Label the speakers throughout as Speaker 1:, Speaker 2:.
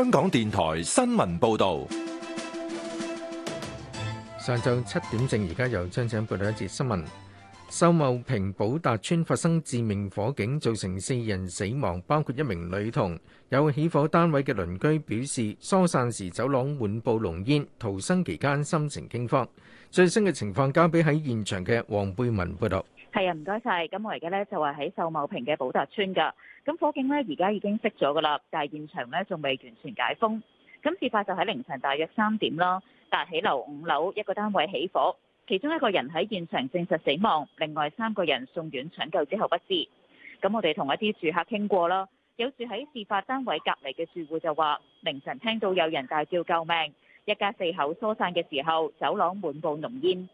Speaker 1: 香港電台新聞報道，上晝七點正，而家有張姐報道一節新聞：秀茂坪寶達邨發生致命火警，造成四人死亡，包括一名女童。有起火單位嘅鄰居表示，疏散時走廊滿布濃煙，逃生期間心情驚慌。最新嘅情況交俾喺現場嘅黃貝文報道。
Speaker 2: 係啊，唔該晒。咁我而家咧就係喺秀茂坪嘅寶達邨噶。咁火警呢，而家已經熄咗噶啦，但係現場呢，仲未完全解封。咁事發就喺凌晨大約三點啦，大起樓五樓一個單位起火，其中一個人喺現場證實死亡，另外三個人送院搶救之後不治。咁我哋同一啲住客傾過啦，有住喺事發單位隔離嘅住戶就話，凌晨聽到有人大叫救命，一家四口疏散嘅時候，走廊滿布濃煙。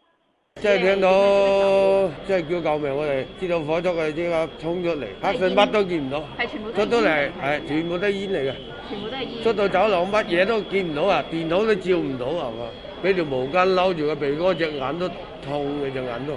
Speaker 1: 即係聽到，即係叫救命！我哋知道火燭佢，即刻衝出嚟，黑水乜都見唔到，係全部都出到嚟，係全部都煙嚟嘅，全部
Speaker 3: 都係煙。出到走
Speaker 1: 廊乜嘢都見唔到啊，電腦都照唔到，係嘛？俾條毛巾摟住個鼻哥，隻眼都
Speaker 2: 痛嘅，隻眼都。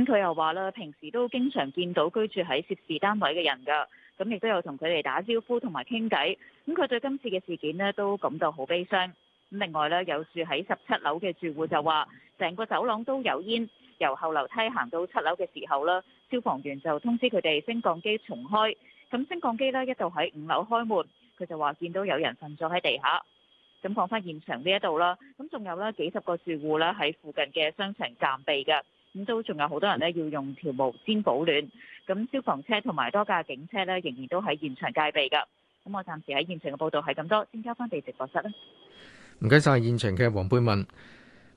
Speaker 2: 咁佢又話啦，平時都經常見到居住喺涉事單位嘅人噶，咁亦都有同佢哋打招呼同埋傾偈。咁佢對今次嘅事件呢都感到好悲傷。另外咧，有住喺十七樓嘅住戶就話，成個走廊都有煙。由後樓梯行到七樓嘅時候咧，消防員就通知佢哋升降機重開。咁升降機咧，一度喺五樓開門，佢就話見到有人瞓咗喺地下。咁講翻現場呢一度啦，咁仲有咧幾十個住戶咧喺附近嘅商場暫避嘅，咁都仲有好多人咧要用條毛氈保暖。咁消防車同埋多架警車呢，仍然都喺現場戒備嘅。咁我暫時喺現場嘅報道係咁多，先交翻俾直播室啦。
Speaker 1: 唔該晒現場嘅黃貝文。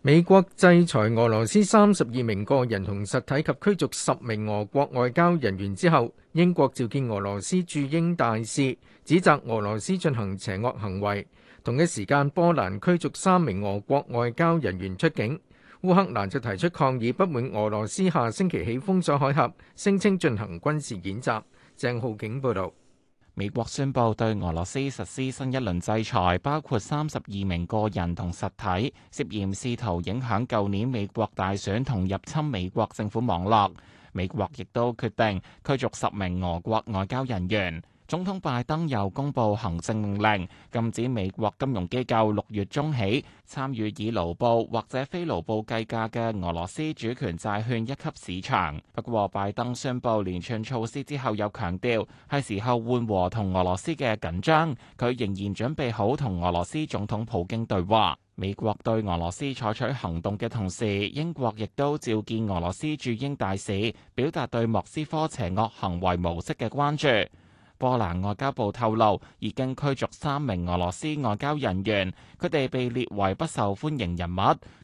Speaker 1: 美國制裁俄羅斯三十二名個人同實體及驅逐十名俄國外交人員之後，英國召見俄羅斯駐英大使，指責俄羅斯進行邪惡行為同一時間波蘭驅逐三名俄國外交人員出境，烏克蘭就提出抗議不滿俄羅斯下星期起封鎖海峽聲稱進行軍事演習鄭浩景報道。美國宣布對俄羅斯實施新一輪制
Speaker 4: 裁，包括三十二名個人同實體涉嫌試圖影響舊年美國大選同入侵美國政府網絡。美國亦都決定驅逐十名俄國外交人員。總統拜登又公布行政命令，禁止美國金融機構六月中起參與以盧布或者非盧布計價嘅俄羅斯主權債券一級市場。不過，拜登宣布連串措施之後，又強調係時候緩和同俄羅斯嘅緊張。佢仍然準備好同俄羅斯總統普京對話。美國對俄羅斯採取行動嘅同時，英國亦都召見俄羅斯駐英大使，表達對莫斯科邪惡行為模式嘅關注。波蘭外交部透露，已經驅逐三名俄羅斯外交人員，佢哋被列為不受歡迎人物，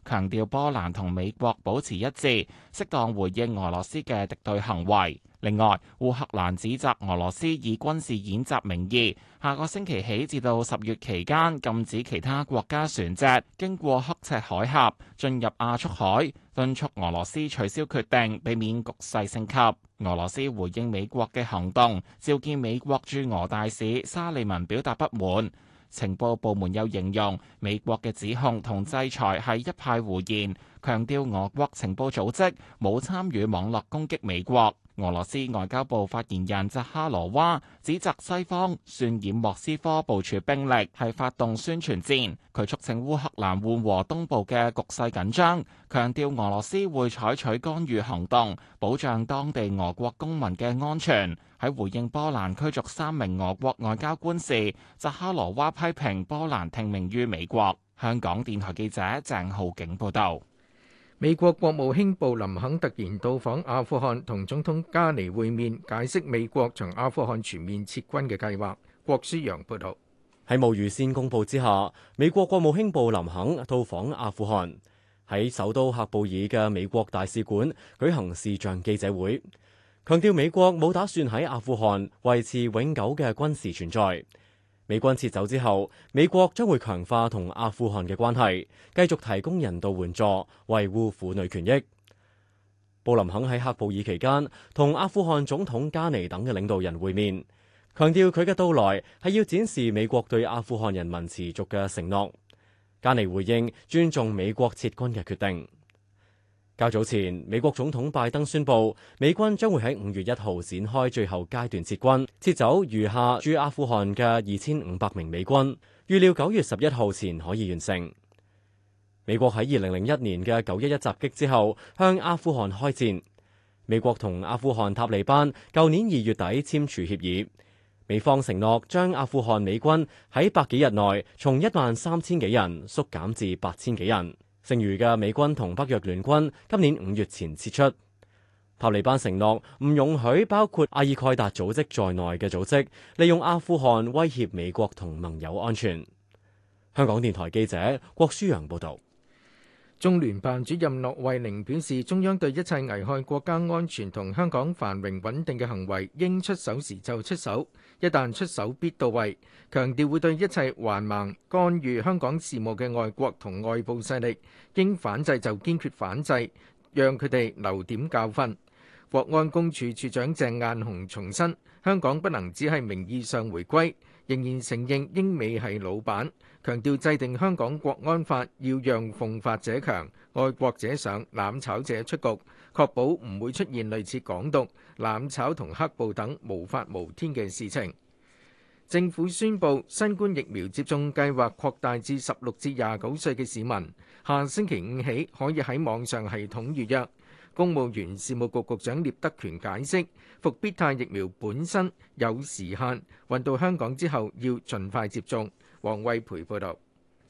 Speaker 4: 強調波蘭同美國保持一致，適當回應俄羅斯嘅敵對行為。另外，烏克蘭指責俄羅斯以軍事演習名義，下個星期起至到十月期間禁止其他國家船隻經過刻赤海峽進入亞速海，敦促俄羅斯取消決定，避免局勢升級。俄羅斯回應美國嘅行動，召見美國駐俄大使沙利文表達不滿。情報部門又形容美國嘅指控同制裁係一派胡言，強調俄國情報組織冇參與網絡攻擊美國。俄羅斯外交部發言人扎哈羅娃指責西方渲染莫斯科部署兵力，係發動宣傳戰，佢促請烏克蘭緩和東部嘅局勢緊張，強調俄羅斯會採取干預行動，保障當地俄國公民嘅安全。喺回應波蘭驅逐三名俄國外交官時，扎哈羅娃批評波
Speaker 1: 蘭聽命於美國。香港電台記者鄭浩景報道。美國國務卿布林肯突然到訪阿富汗，同總統加尼會面，解釋
Speaker 5: 美國從阿富汗全面撤軍嘅計劃。郭思陽報道。喺無預先公布之下，美國國務卿布林肯到訪阿富汗，喺首都喀布爾嘅美國大使館舉行視像記者會，強調美國冇打算喺阿富汗維持永久嘅軍事存在。美軍撤走之後，美國將會強化同阿富汗嘅關係，繼續提供人道援助，維護婦女權益。布林肯喺喀布爾期間，同阿富汗總統加尼等嘅領導人會面，強調佢嘅到來係要展示美國對阿富汗人民持續嘅承諾。加尼回應尊重美國撤軍嘅決定。較早前，美國總統拜登宣布，美軍將會喺五月一號展開最後階段撤軍，撤走餘下駐阿富汗嘅二千五百名美軍，預料九月十一號前可以完成。美國喺二零零一年嘅九一一襲擊之後，向阿富汗開戰。美國同阿富汗塔利班舊年二月底簽署協議，美方承諾將阿富汗美軍喺百幾日內從一萬三千幾人縮減至八千幾人。剩餘嘅美軍同北約聯軍今年五月前撤出。塔利班承諾唔容許包括阿爾蓋達組織在內嘅組織利用阿富汗威脅美國同盟友安全。香港電台記者郭舒揚報導。中聯辦主任駱惠
Speaker 1: 寧表示，中央對一切危害國家安全同香港繁榮穩定嘅行為，應出手時就出手，一旦出手必到位。強調會對一切橫蠻干預香港事務嘅外國同外部勢力，應反制就堅決反制，讓佢哋留點教訓。國安公署署長鄭雁雄重申，香港不能只係名義上回歸，仍然承認英美係老闆。強調制定香港國安法要讓奉法者強，愛國者上，攬炒者出局，確保唔會出現類似港獨、攬炒同黑暴等無法無天嘅事情。政府宣布，新冠疫苗接種計劃擴大至十六至廿九歲嘅市民，下星期五起可以喺網上系統預約。公務員事務局局長聶德權解釋，復必泰疫苗本身有時限，運到香港之後要盡快接種。王衛培報道，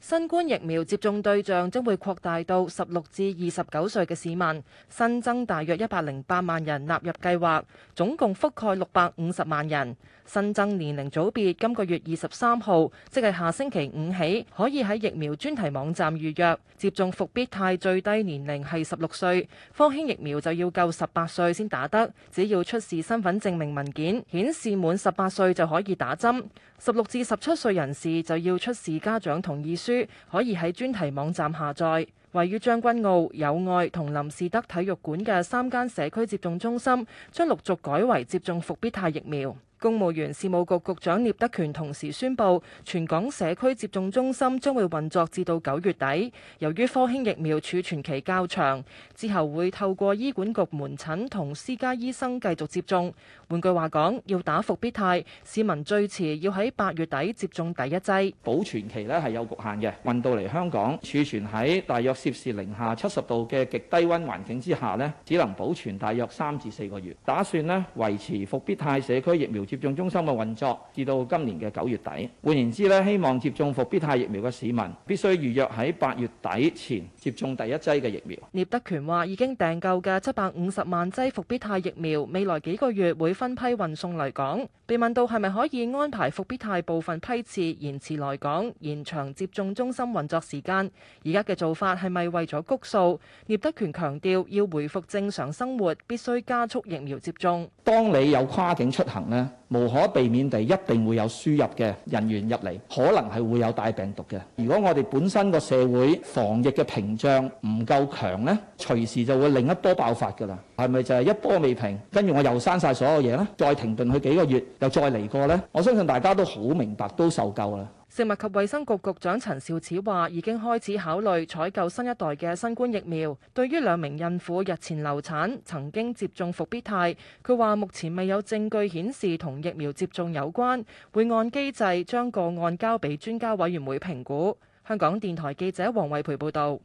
Speaker 3: 新冠疫苗接種對象將會擴大到十六至二十九歲嘅市民，新增大約一百零八萬人納入計劃，總共覆蓋六百五十萬人。新增年齡組別，今個月二十三號，即係下星期五起，可以喺疫苗專題網站預約接種復必泰。最低年齡係十六歲，科興疫苗就要夠十八歲先打得。只要出示身份證明文件，顯示滿十八歲就可以打針。十六至十七歲人士就要出示家長同意書，可以喺專題網站下載。位於將軍澳友愛同林士德體育館嘅三間社區接種中心將陸續改為接種復必泰疫苗。公務員事務局局長聶德權同時宣布，全港社區接種中心將會運作至到九月底。由於科興疫苗儲存期較長，之後會透過醫管局門診同私家醫生繼續接種。換句話講，要打復必泰，市民最遲要喺八月底接種第一劑。保存期呢係有局限嘅，運到嚟香港儲存喺大約攝氏零下七十度嘅極低
Speaker 4: 溫環境之下呢，只能保存大約三至四個月。打算呢維持復必泰社區疫苗。接種中心嘅運作至到今年嘅九月底，換言之咧，希望接種復必泰疫苗嘅市民必須預約喺八月底前接種第一劑嘅疫苗。
Speaker 3: 聶德權話，已經訂購嘅七百五十萬劑復必泰疫苗，未來幾個月會分批運送嚟港。被問到係咪可以安排復必泰部分批次延遲來港、延長接種中心運作時間，而家嘅做法係咪為咗谷數？聶德權強調要回復正常生活，必須加速疫苗接種。
Speaker 4: 當你有跨境出行呢？無可避免地，一定會有輸入嘅人員入嚟，可能係會有帶病毒嘅。如果我哋本身個社會防疫嘅屏障唔夠強呢，隨時就會另一波爆發㗎啦。係咪就係一波未平，跟住我又刪晒所有嘢咧？再停頓去幾個月，又再嚟過呢。我相信大家都好明白，都受夠啦。
Speaker 3: 食物及衛生局局長陳肇始話：已經開始考慮採購新一代嘅新冠疫苗。對於兩名孕婦日前流產，曾經接種復必泰，佢話目前未有證據顯示同疫苗接種有關，會按機制將個案交俾專家委員會評估。香港電台記者黃慧培報道。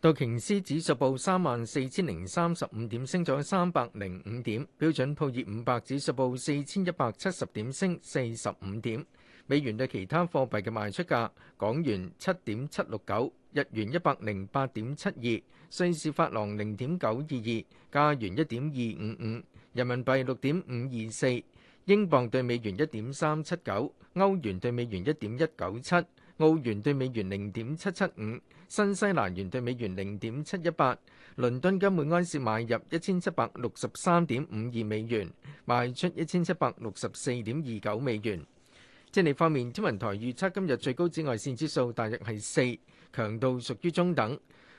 Speaker 1: 道瓊斯指數報三萬四千零三十五點，升咗三百零五點。標準普爾五百指數報四千一百七十點，升四十五點。美元對其他貨幣嘅賣出價：港元七點七六九，日元一百零八點七二，瑞士法郎零點九二二，加元一點二五五，人民幣六點五二四，英鎊對美元一點三七九，歐元對美元一點一九七，澳元對美元零點七七五，新西蘭元對美元零點七一八。倫敦金每安士買入一千七百六十三點五二美元，賣出一千七百六十四點二九美元。天氣方面，天文台預測今日最高紫外線指數大約係四，強度屬於中等。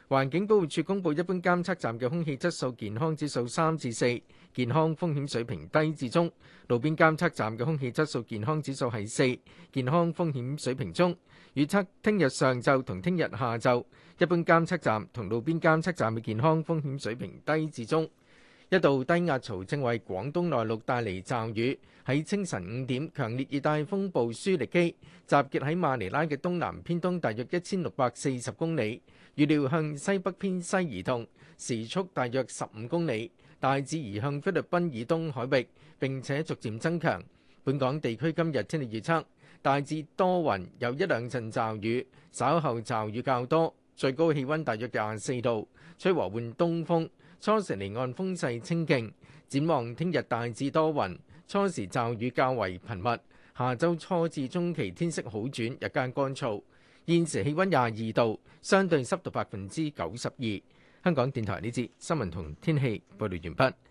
Speaker 1: 環境保護署公布一般監測站嘅空氣質素健康指數三至四，健康風險水平低至中；路邊監測站嘅空氣質素健康指數係四，健康風險水平中。預測聽日上晝同聽日下晝，一般監測站同路邊監測站嘅健康風險水平低至中。一道低壓槽正為廣東內陸帶嚟驟雨。喺清晨五點，強烈熱帶風暴舒力基集結喺馬尼拉嘅東南偏東大約一千六百四十公里，預料向西北偏西移動，時速大約十五公里，大致移向菲律賓以東海域，並且逐漸增強。本港地區今日天氣預測大致多雲，有一兩陣驟雨，稍後驟雨較多，最高氣温大約廿四度，吹和緩東風。初時離岸風勢清勁，展望聽日大致多雲，初時驟雨較為頻密。下週初至中期天色好轉，日間乾燥。現時氣温廿二度，相對濕度百分之九十二。香港電台呢節新聞同天氣報道完畢。